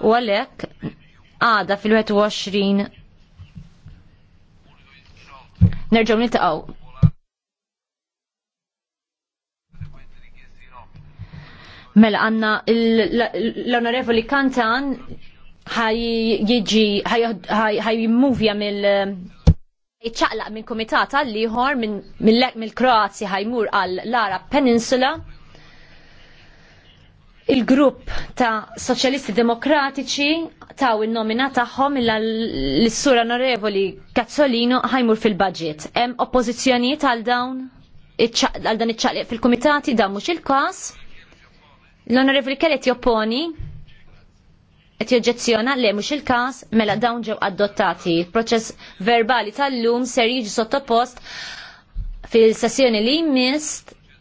U għalhekk għada fil-21 nerġgħu niltaqgħu. Mela għanna l-onorevoli Kantan ħaj jiġi ħaj jimmuvja mill eh, ċaqlaq minn komitata liħor minn mill kroazi ħajmur għal l-Arab Peninsula il-grupp ta' Soċjalisti Demokratiċi taw il-nomina tagħhom l-Sur Onorevoli Cazzolino ħajmur fil-budget. Hemm oppożizzjonijiet għal dawn għal dan iċċaqliq fil-kumitati dan mhux il-każ. L-Onorevoli Kelly qed jopponi qed joġġezzjona le mhux il-każ mela dawn ġew adottati. Il-proċess verbali tal-lum ser jiġi sottopost fil-sessjoni li jmist